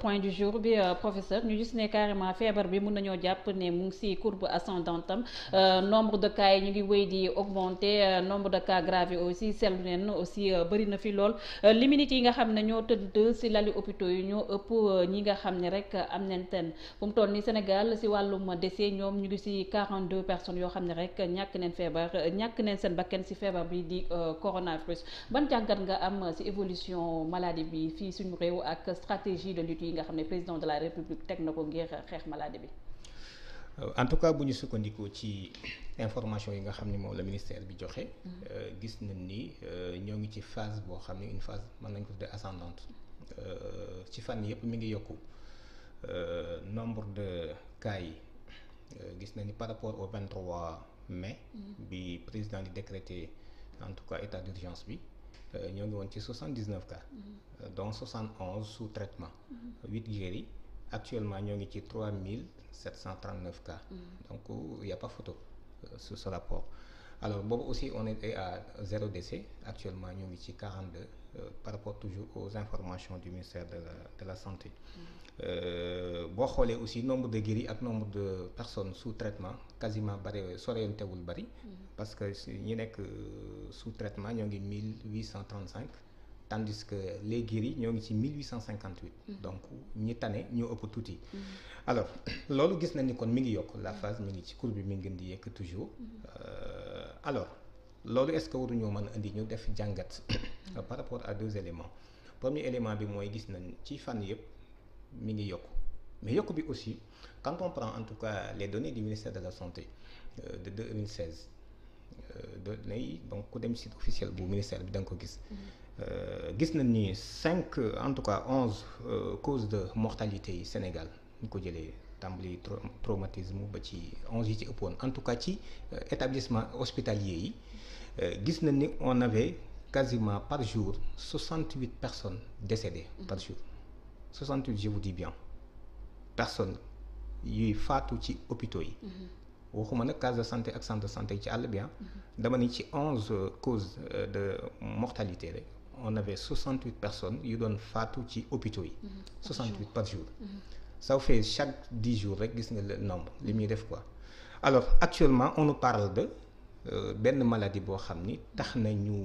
point du jour bi euh, professeur ñu gis ne carrément feebar bi mën nañoo jàpp ne mu ngi ci courbe ascendante am euh, nombre de cas yi ñu ngi wéy di augmenter euh, nombre de cas graves yi aussi seetlu neen aussi bëri na fi lool li minutes yi nga xam ne ñoo tëdd ci lali hôpitaux yi ñoo ëpp ñi nga xam ne rek am nañ ten fu mu toll ni Sénégal ci wàllum décès ñoom ñu ngi ci 42 personnes yoo xam ne rek ñàkk neen feebar ñàkk neen seen bakkan ci feebar bi di coronavirus ban jàngat nga am ci évolution maladie bi de lutte yi nga xam ne président de la république teg na ko ngir xeex maladie bi. Euh, en tout cas bu ñu sukkandikoo ci information yi nga xam ne moom la ministère bi joxe. Euh, gis nañ ni euh, ñoo ngi ci phase boo xam ne une phase man nañ ko tuddee ascendante ci fànn yëpp mi ngi yokku nombre de cas yi gis nañ ni par rapport au 23 mais mm-hmm. bi président di décréter en tout cas état d'urgence bi. Euh, ñoo ngi woon ci 79 cas dont 71 sous traitement 8 guéris actuellement ñoo ngi ci 3739 cas mhm. donc il y a pas photo euh, sur ce rapport alors boobu aussi on était à zéro décès actuellement ñoo ngi ci 42 euh, par rapport toujours aux informations du ministère de la de la santé mhm. Euh, boo xoolee aussi nombre de guéris ak nombre de personne sous traitement quasiment bare soreyantewul bari. Mm-hmm. parce que ñi nekk euh, sous traitement ñoo ngi mille huit cent cinq tandis que les guéris ñoo ngi ci mille huit cent cinquante huit. Mm-hmm. donc ñi tane ñoo ëpp tuuti. Mm-hmm. alors loolu gis nañ ni kon mi ngi yokk la phase mi ngi ci courbe bi mi ngi gën di yekk toujours. Euh, alors loolu est-ce que waruñoo mën a indi ñu def jàngat. par rapport à deux éléments premier élément bi mooy gis nañ ci fànn yëpp. mi ngi yokku mais yokku bi aussi quand on prend en tout cas les données du ministère de la santé euh, de 2016 données yi donc ku dem site officiel bu ministère bi da nga ko gis. Mm-hmm. Euh, gis na ni cinq en tout cas onze euh, causes de mortalité yi Sénégal ñu ko jëlee tàmbali traumatisme ba ci onze yi ci ëppoon en tout cas ci euh, établissement hospitalier yi gis na ni on avait quasiment par jour soixante huit personnes décédées mm-hmm. par jour. 68 je vous dis bien personne yuy faatu ci hôpitaux yi. Mhm. waxuma nag case de santé ak centre de santé ci àll bi ah. mhm. dama ni ci onze euh, causes euh, de mortalité rek on avait 68 personnes yu doon faatu ci hôpitaux yi. 68 mhm. par jour. ça fait chaque 10 jours rek gis nga le nombre li muy def quoi alors actuellement on nous parle de. Euh, benn maladie boo xam ni tax na ñu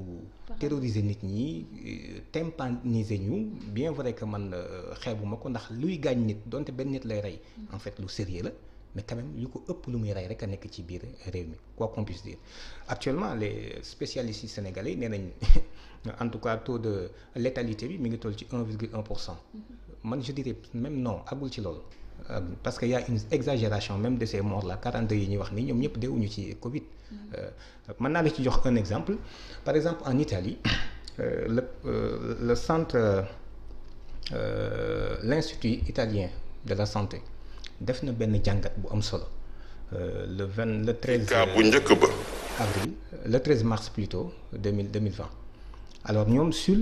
terroriser nit ñi euh, tympaniser ñu bien vrai que man euh, xeebuma ko ndax luy gaañ nit donte benn nit lay rey mm. en fait lu sérieux la mais quand lu ko ëpp lu muy rey rek a nekk ci biir réew mi quoi qu'on puisse dire actuellement les spécialistes yi sénégalais nee nañ en tout cas taux de létalité bi mi ngi toll ci 1,1 pour cent mm-hmm. man je dirais même non agul ci lool Euh, parce que y a une exagération même de ces morts là 42 yi ñuy wax ni ñoom ñëpp deewuñu ci Covid. Euh, mën naa la ci jox un exemple par exemple en Italie euh, le le centre l'institut italien de la santé def na benn jàngat bu am solo le vingt le treize. bu njëkk ba. avril le 13 mars plutôt 2000 2020 alors ñoom sur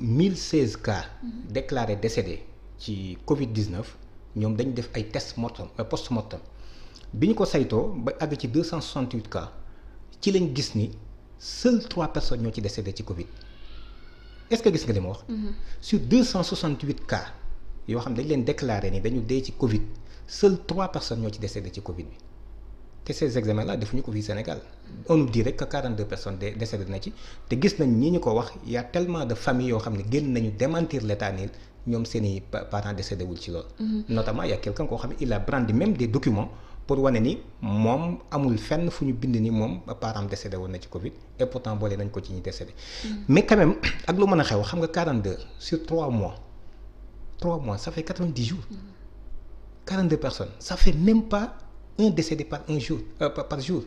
mille seize cas mm-hmm. déclarés décédés ci Covid 19. ñoom dañu def ay test mortem euh, post mortem bi ñu ko saytoo ba àgg ci 268 cas ci lañ gis ni seules trois personnes ñoo ci décédé ci Covid est-ce que gis nga li ma wax. Mm-hmm. sur 268 cas yoo xam dañ leen déclaré ni dañu dee ci Covid seules trois personnes ñoo ci décédé ci Covid bi te ces examens là defuñu ko fii Sénégal on nous dit rek que 42 personnes décédé na ci te gis nañ ñi ñu ko wax y a tellement de familles yoo xam ne génn nañu démentir l'État nii ñoom seen i parents décédé ci loolu. Mhm. notamment y a quelqu'un koo xam ne la a brandi même des documents pour wane ni moom amul fenn fu ñu bind ni moom parent décédé woon na ci Covid et pourtant boole nañ ko ci ñi décédé. Mhm. mais quand même ak lu mën a xew xam nga 42 sur 3 mois 3 mois ça fait 90 jours. 42 mhm. personnes sa fait même pas un décédé par un jour euh, par jour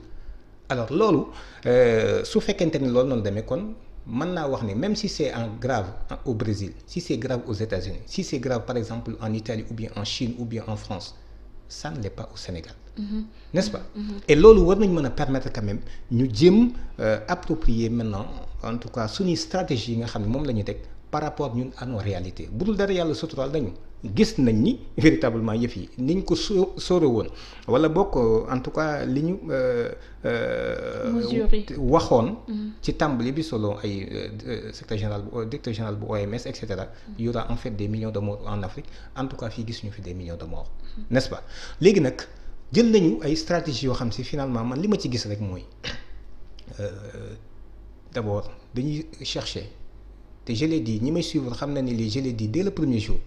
alors loolu euh, su fekkente ni loolu noonu demee kon. mën naa wax ne même si c'est en grave au Brésil si c'est grave aux États-Unis si c'est grave par exemple en Italie ou bien en Chine ou bien en France ça ne pas au Sénégal mm pas mm-hmm. loolu war nañ mën a permettre quand même ñu jéem euh, approprier maintenant en tout cas suñuy stratégie yi nga xam ne moom la ñu teg par rapport ñun à nos réalités bu dul dara yàlla suturaal nañu gis nañ ni véritablement yëf yi niñ ko soo sóore woon wala bokk en tout cas li ñu euh, euh, waxoon mm-hmm. ci tàmbali bi solo ay euh, secrétaire général bu directeur général bu OMS et cetera mm-hmm. il y aura en fait des millions de morts en Afrique en tout cas fii gis ñu fi des millions de morts mm-hmm. n'est-ce pas léegi nag jël nañu ay stratégies yoo xam si finalement man li ma ci gis rek mooy d'abord dañuy chercher te je l'ai dit ñi may suivre xam na ni lii je l'ai dit dès le premier jour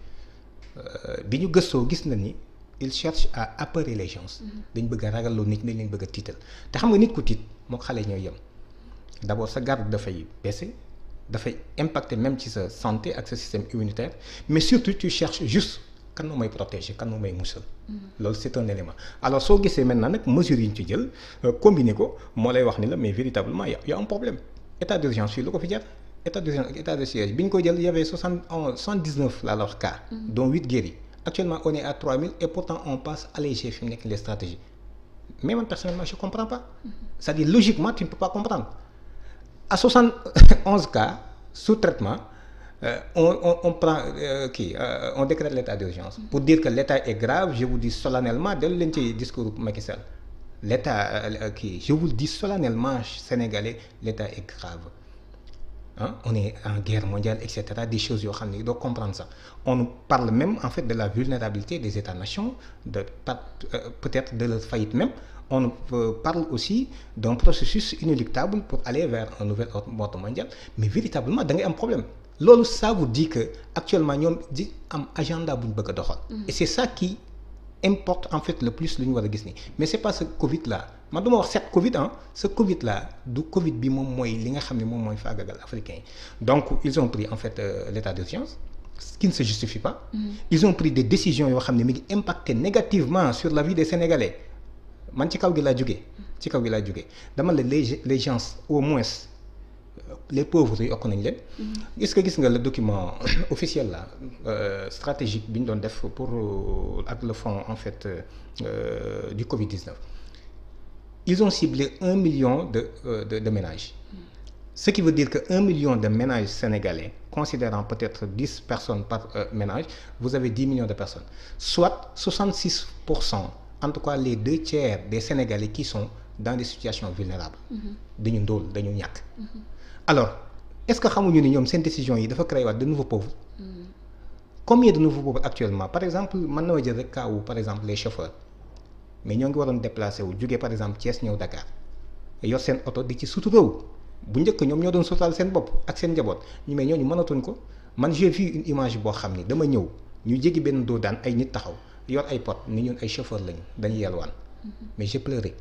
euh, bi ñu gëstoo gis na ni il cherche à apeurer les mm-hmm. dañ bëgg a ragalloo nit dañ leen bëgg a tiital te xam nga nit ko tiit moo xale ñoo yem d'abord sa garde dafay baisser dafay impacter même ci sa santé ak sa système immunitaire mais surtout tu cherches juste kan moo may protéger kan moo may musal. Mm-hmm. loolu c'est un élément alors soo gisee maintenant nag mesures yi ñu ci jël euh, combiner ko moo lay wax ni la mais véritablement y a un problème état d'urgence fii lu état de ak état ñu ko jël y avait soixante onze oh, soixante dix neuf laa la wax cas. Mm-hmm. dont huit guéris actuellement on est trois mille et pourtant on passe alléger fi nekk les stratégies mais man personnellement je comprends pas mm-hmm. c'est-à-dire logiquement tu ne pas comprendre à cas sous traitement. Euh, on on on kii euh, euh, on décrète l'état d'urgence mm-hmm. pour dire que l'état est grave je vous dis solennellement dellu leen ci kii euh, je vous dis solennellement sénégalais l'état est grave ah on est en guerre mondiale et cetera des choses yoo xam ne doo comprendre sax on parle même en fait de la vulnérabilité des États-nations de euh, peut-être de leur faillite même on euh, parle aussi d'un processus inéluctable pour aller vers un nouvel ordre mondial mais véritablement da ngay am problème loolu ça di dit que actuellement ñoom di am agenda bu bëgg a doxal. Mm-hmm. et c'est ça qui importe en fait le plus lu ñu war a gis nii mais c'est pas ce Covid là man du wax cette Covid ah ce Covid là du Covid bi moom mooy li nga xam ne moom mooy faagagal africain yi donc ils ont pris en fait euh, l'état d'urgence ce qui ne se justifie pas. Mm-hmm. ils ont pris des décisions yoo xam ne mi ngi impacté négativement sur la vie des Sénégalais man ci kaw gi laa jugee. ci kaw gi laa jugee dama la les les au moins. les pauvres yi yokk nañ leen. Mm-hmm. est-ce que gis nga le document officiel la euh, stratégique bi ñu doon def pour euh, ak le fonds en fait euh, du Covid 19 ils ont ciblé un million de euh, de de ménages. Mm-hmm. ce qui veut dire que un million de ménages sénégalais considérant peut-être dix personnes par euh, ménage vous avez dix millions de personnes soit 66 pour cent en tout cas les deux tiers des sénégalais qui sont dans des situations vulnérables. Mm-hmm. dañu ndóol dañu ñàkk. alors est-ce que xamuñu ni ñoom seen décision yi dafa créé waat de nouveaux comme combien de nouveaux pauvres actuellement par exemple mën na ma jël rek cas par exemple les chauffeurs mais ñoo ngi waroon déplacé wu jógee par exemple Thiès ñëw Dakar yor seen oto di ci suturoo bu njëkk ñoom ñoo doon sutaal seen bopp ak seen njaboot ñu mais ñooñu mënatuñ ko man j'ai vu une image boo xam ni dama ñëw ñu jéggi benn doo daan ay nit taxaw yor ay pot ni ñun ay chauffeurs lañu dañuy yelwaan mm-hmm. mais j'ai pleuré.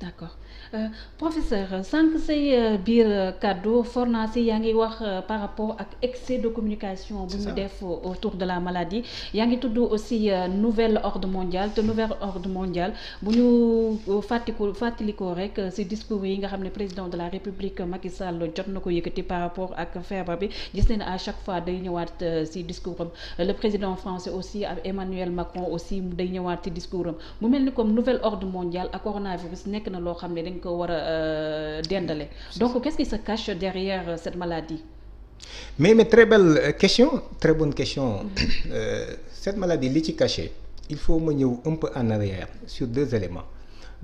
d' accord euh, professeur sànq say euh, biir euh, kàddu forna yaa ngi wax euh, par rapport ak excès de communication bu ñu def autour de la maladie yaa ngi tudd aussi nouvel ordre mondial te nouvel ordre mondial bu ñu fàttiku fàttalikoo rek si discours yi nga xam ne président de la république Macky Sall jot na ko yëkkati par rapport ak feebar bi gis nañ à chaque fois day ñëwaat si discours am le président français aussi ak Emmanuel Macron aussi day ñëwaat si nekk na loo xam ne dañ ko war a euh, dendale donc qu'est-ce qui se cache derrière euh, cette maladie mais mais très belle euh, question très bonne question mm-hmm. euh, cette maladie li ci caché il faut ma ñëw ëmp peu en arrière sur deux éléments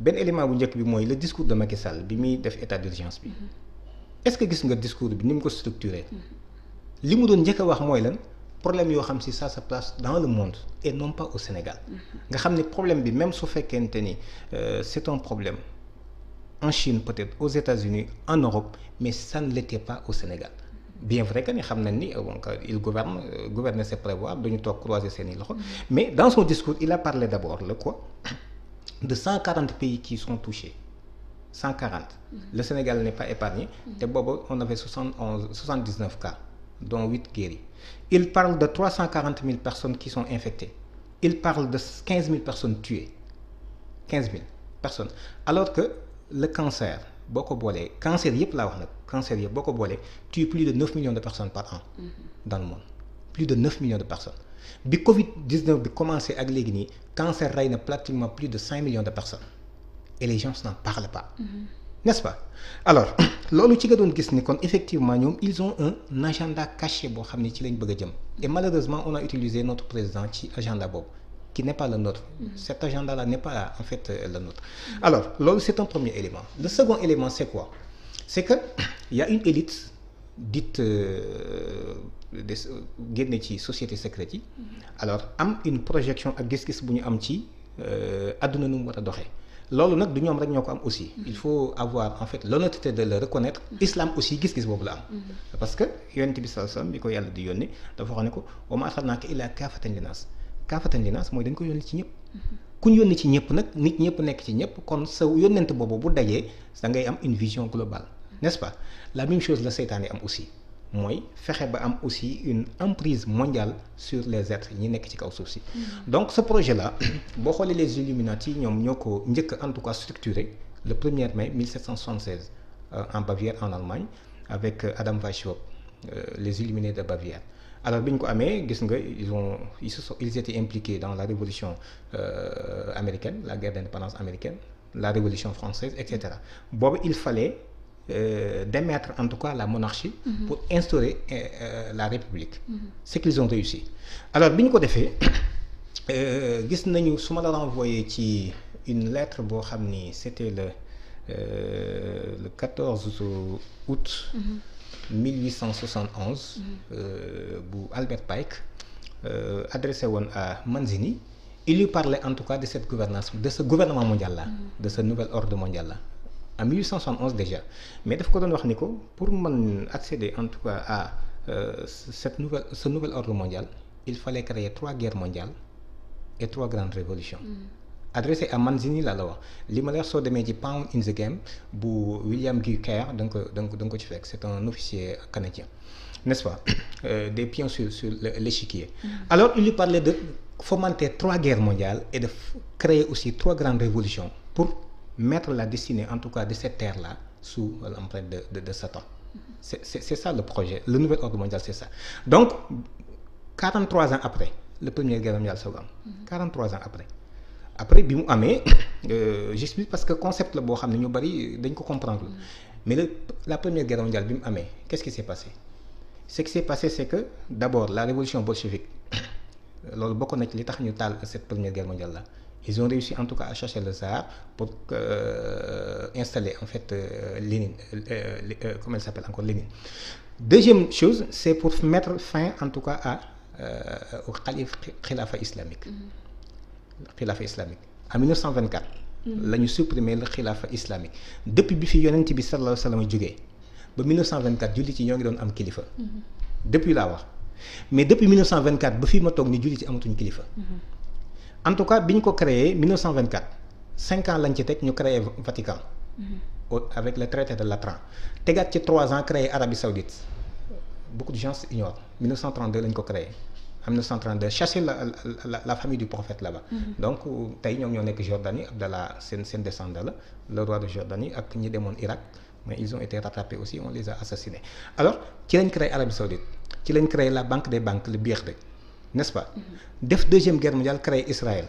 benn élément bu njëkk bi mooy le discours de Macky Sall bi muy def état d'urgence bi mm-hmm. est-ce que gis nga discours bi ni mu ko structuré mm-hmm. li mu doon njëkk a wax mooy lan problème yoo xam si ça se place dans le monde et non pas au Sénégal nga xam ni problème bi même su fekkente ni euh, c'est un problème en Chine peut-être aux États-Unis en Europe mais ça ne l'était pas au Sénégal bien vrai que ni xam na ni euh, bon il gouverne euh, gouverner c'est prévoir dañu toog croiser seeni loxo mais dans son discours il a parlé d'abord le quoi de 140 pays qui sont touchés mm-hmm. le Sénégal n'est pas épargné mm-hmm. te boobu on avait 71 79 cas dont huit guéris il parle de trois cent quarante mille personnes qui sont infectées il parle de personnes tuées personnes alors que le cancer boo ko boolee cancer yëpp laa wax nag cancer yëpp boo ko boolee tue plus de neuf millions de personnes par an mm-hmm. dans le monde plus de neuf millions de personnes bi Covid 19 bi commencé ak léegi nii cancer rey na pratiquement plus de cinq millions de personnes et les gens n'en parlent pas. Mm-hmm. n'est-ce pas alors loolu ci nga doon gis ni kon effectivement ñoom ils ont un agenda caché boo xam ne ci lañ bëgg a jëm et malheureusement on a utilisé notre président ci agenda boobu ki n'est pas le nôtre mm-hmm. cet agenda la n'est pas en fait euh, le nôtre mm-hmm. alors loolu c'est un premier élément le second élément c'est quoi c'est que ya y a une élite dite euh, de euh, génne ci société secrète yi mm-hmm. alors am une projection ak gis-gis bu ñu am ci adduna nu mu war a doxee loolu nag du ñoom rek ñoo ko am aussi il faut avoir en fait l'honnêteté de le reconnaître islam aussi gis-gis boobu la am parce que yonent bi sallallahu alayhi wasallam bi ko yàlla di yónni dafa wax ne ko wa ma arsalnaaka illaa kaafatan linnaas kaafatan linnaas mooy dañ ko yónni ci ñëpp ku ñu yónni ci ñëpp nag nit ñëpp nekk ci ñëpp kon sa yónnent boobu bu dajee da ngay am une vision globale n'est-ce pas la même chose la seytaane am aussi mooy fexe ba am aussi une emprise mondiale sur les êtres ñi nekk ci kaw suuf si. Mm-hmm. donc ce projet la boo xoolee les Illuminati ñoom ñoo ko njëkk en tout cas structuré le 1er mai 1776 euh, en Bavière en Allemagne avec euh, Adam Weishaupt euh, les Illuminés de Bavière. alors bi ñu ko amee gis nga ils ont ils se sont étaient impliqués dans la révolution euh, américaine la guerre d'indépendance américaine la révolution française et cetera boobu il fallait euh, démettre en tout cas la monarchie. Mm -hmm. pour instaurer euh, euh, la république. Mm -hmm. ce qu'ils ont réussi alors bi ñu ko defee euh, gis nañu su ma la renvoyé ci une lettre boo xam ni c'était le le 14 août. 1871. Mm-hmm. Mm-hmm. bu Albert Pike adressé woon à Manzini il lui parlait en tout cas de cette gouvernance de ce gouvernement mondial là. Mm-hmm. de ce nouvel ordre mondial là. en 1871 déjà mais daf ko doon wax ni ko pour mën accéder en tout cas a euh, cette nouvelle ordre mondial il fallait créer trois guerres mondiales et trois grandes révolutions mm. adressé à Manzini laa la wax li ma la wax soo demee ci Pound in the Game bu William Guy Carr da nga ko da ko ci fekk c'est un officier canadien n'est-ce pas euh, des pions sur sur l'échiquier mmh. alors il lui parlait de fomenter trois guerres mondiales et de créer trois grandes révolutions pour mettre la destinée, en tout cas de cette terre-là, sous l'empreinte de, de, de, Satan. C'est ça le projet. Le nouvel ordre mondial, c'est ça. Donc, 43 ans après, le Première Guerre mondiale, seconde, 43 ans après, bi mu amee euh, j'explique parce que concept la boo xam ne ñu bari dañ ko comprendre mais le, la première guerre mondiale bi mu amee qu'est-ce qui s'est passé ce qui s'est passé c'est que d'abord la révolution bolchevique loolu bokk na ci li tax ñu taal cette première guerre mondiale ils ont réussi en tout cas à chasser le tsar pour euh, installer en fait euh, Lénine euh, euh, comment elle s'appelle encore Lénine deuxième chose c'est pour mettre fin en tout cas à euh, au xalif xilaafa islamique xilaafa mhm. islamique en 1924 mhm. la ñu supprimer le xilaafa islamique depuis bi fi yonent bi sallallahu alayhi wa sallam jógee ba 1924 jullit yi ñoo ngi doon am kilifa mhm. depuis laa wax mais depuis 1924 ba fii ma toog ni jullit yi amatuñu kilifa en tout cas bi ñu ko créé 1924 cinq ans lañ ci teg ñu créé Vatican. Mmh. avec le traité de Latran tegaat ci trois ans créé Arabie Saoudite beaucoup de gens ignorent lañ ko créé. en 1932 chasser la la la famille du prophète là-bas. Mhm. donc euh, tey ñoom ñoo nekk Jordanie Abdallah seen seen descendant la le roi de Jordanie ak ñi demoon Irak mais ils ont été rattrapés aussi on les a assassinés alors ci lañ créé Arabie Saoudite ci lañ créé la banque des banques le BIRD. n'est-ce pas. def deuxième guerre mondiale créer Israël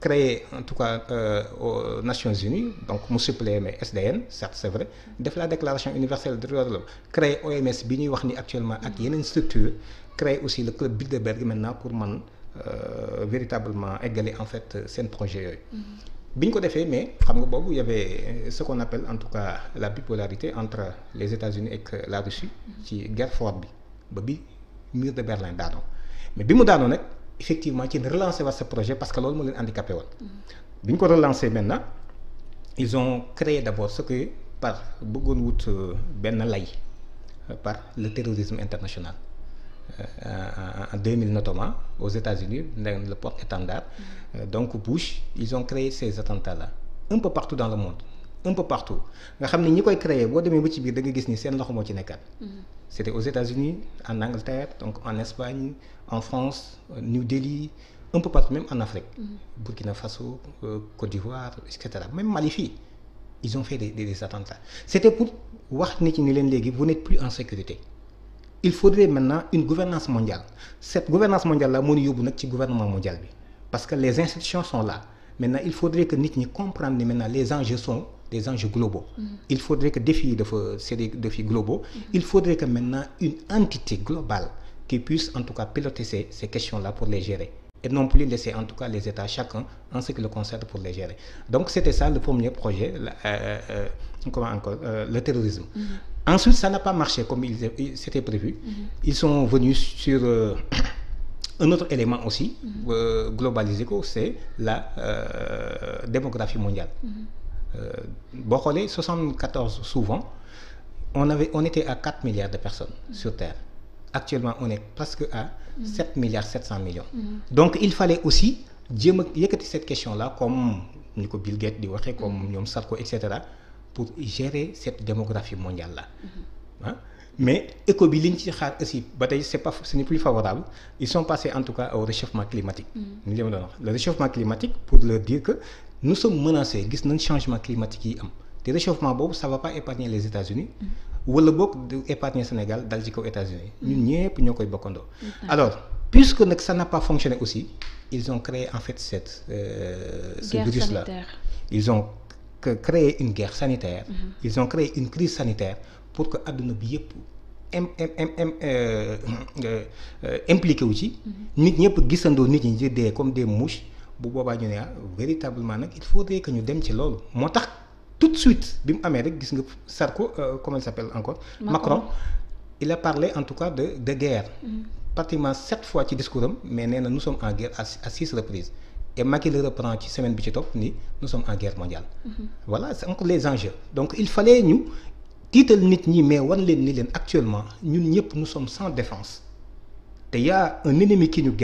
créer en tout cas euh, aux Nations Unies donc mu suppléer SDN certes c'est vrai def la déclaration universelle des droits de créer OMS bi ñuy wax ni actuellement ak yeneen structure créer aussi le club Bilderberg maintenant pour man euh, véritablement égaler en fait seen projet yooyu. Mm-hmm. bi ñu ko defee mais xam nga boobu y avait ce en tout cas la bipolarité entre les États-Unis et la Russie mm-hmm. ci guerre froide bi ba bi mur de Berlin daanoo. mais bi mu daanoo nag effectivement ci relancer waat ce projet parce que loolu moo leen handicapé woon. Mm-hmm. bi ñu ko relancer maintenant ils ont créé d' abord ce que par bëggoon wut euh, benn lay euh, par le terrorisme international. Euh, en 2000 notamment aux États-Unis le porte-étendard mm-hmm. donc Bush ils ont créé ces attentats là un peu partout dans le monde un peu partout nga xam ne ñi koy créer boo demee ba ci biir da nga gis ni seen loxo moo ci nekkaat. Mm-hmm. c'était aux États-Unis en Angleterre donc en Espagne en France euh, New Delhi un peu partout même en Afrique. Mm-hmm. Burkina Faso euh, Côte d'Ivoire et cetera même Mali fii ils ont fait des des, des attentats pour wax nit ñi leen léegi vous n'êtes plus en sécurité. il faudrait maintenant une gouvernance mondiale cette gouvernance mondiale là moo ñu yóbbu nag ci gouvernement mondial bi parce que les institutions sont là maintenant il faudrait que nit ñi comprendre ni maintenant les enjeux sont des enjeux globaux. Mm -hmm. Il faudrait que défi de c'est des défis globaux. Il faudrait que maintenant une entité globale qui puisse en tout cas piloter ces, ces questions-là pour les gérer et non plus laisser en tout cas les États chacun en ce qui le concerne pour les gérer. Donc c'était ça le premier projet, euh, euh, euh, le terrorisme. Mm Ensuite, ça n'a pas marché comme c'était prévu. Mm -hmm. Ils sont venus sur un autre élément aussi, mm -hmm. globalisé, c'est la démographie mondiale. Mm-hmm. Euh, boo xoolee 74 souvent on avait on était à milliards de personnes sur terre actuellement on est presque à. 7 milliards 700 millions. Mm-hmm. donc il fallait aussi jéem a yëkkati cette question là comme ni ko Bill Gates di waxee comme mm-hmm. ñoom Sarko et cetera pour gérer cette démographie mondiale là. ah mm-hmm. mais éco bi li ñu ci xaar aussi ba tey c'est pas plus favorable ils sont passés en tout cas au réchauffement climatique. ni li ma le réchauffement climatique pour leur nous sommes menacés gis nañ changement climatique yi am te réchauffement boobu ça va pas épargner les États-Unis mm-hmm. wala boog du épargner Sénégal dal ci kaw États-Unis mm-hmm. ñun ñëpp ñoo koy bokkandoo mm-hmm. alors puisque nag ça n'a pas aussi ils ont créé en fait cette euh, ce guerre virus là sanitaire. ils ont une guerre sanitaire ils ont créé une crise sanitaire pour que àdduna bi yëpp im euh, euh, euh, wu ci nit ñëpp gisandoo nit ñi di dee comme des mouches bu boobaa ñu ne ah, véritablement nag il faudrait que ñu dem ci loolu moo tax tout de suite bi mu amee rek gis nga Sarko euh, comment il s'appelle encore. Macron. Macron il a parlé en tout cas de de guerre. Mm-hmm. pratiquement sept fois ci discours am mais nee na nous sommes en guerre à à six reprises et Macky le reprend ci semaine bi ci topp ni nous sommes en guerre mondiale. Mm-hmm. voilà encore les enjeux donc il fallait ñu tiital nit ñi mais war leen ni leen actuellement ñun ñëpp nous sommes sans défense te y a un ennemi qui nous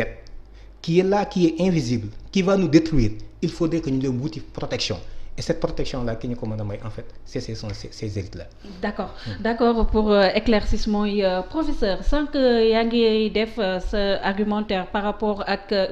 qui est là qui est invisible qui va nous détruire il faudrait que ñu dem wuti protection et cette protection là ki ñu ko mën a may en fait c'est ces sont ces élites là. d'accord hmm. d'accord pour euh, éclaircissement yi euh, professeur sans que euh, yaa ngi def sa argumentaire par rapport ak